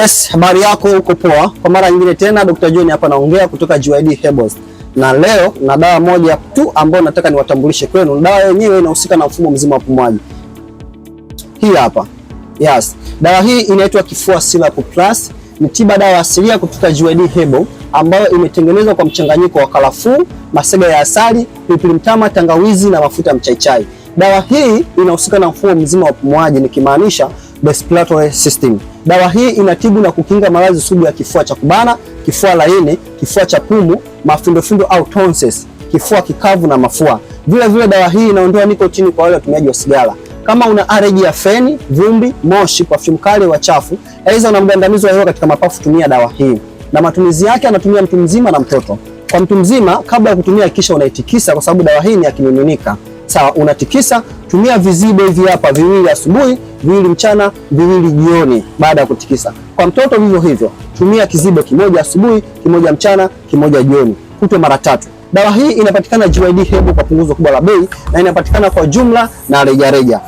Yes, habari yako uko poa. Kwa mara nyingine tena Dr. John hapa naongea kutoka GYD Herbals. Na leo na dawa moja tu ambayo nataka niwatambulishe kwenu. Dawa yenyewe inahusika na mfumo mzima wa pumuaji. Hii hapa. Yes. Dawa hii inaitwa Kifua Syrup Plus, ni tiba dawa asilia kutoka GYD Herbal ambayo imetengenezwa kwa mchanganyiko wa karafuu, masega ya asali, pilipili mtama, tangawizi na mafuta mchaichai. Dawa hii inahusika na mfumo mzima wa pumuaji nikimaanisha Respiratory System. Dawa hii inatibu na kukinga maradhi sugu ya kifua cha kubana, kifua laini, kifua cha pumu, mafundofundo au tonsils, kifua kikavu na mafua. Vile vile dawa hii inaondoa nikotini kwa wale watumiaji wa sigara. Kama una allergy ya feni, vumbi, moshi, perfume kali, wachafu, aidha una mgandamizo wa hewa katika mapafu, tumia dawa hii. Na matumizi yake anatumia mtu mzima na mtoto. Kwa mtu mzima, kabla ya kutumia, hakikisha unaitikisa kwa sababu dawa hii ni ya kimiminika. Sawa, unatikisa. Tumia vizibo hivi hapa viwili asubuhi, viwili mchana, viwili jioni baada ya kutikisa. Kwa mtoto vivyo hivyo, tumia kizibo kimoja asubuhi, kimoja mchana, kimoja jioni, kutwe mara tatu. Dawa hii inapatikana GYD Herbal kwa punguzo kubwa la bei na inapatikana kwa jumla na rejareja.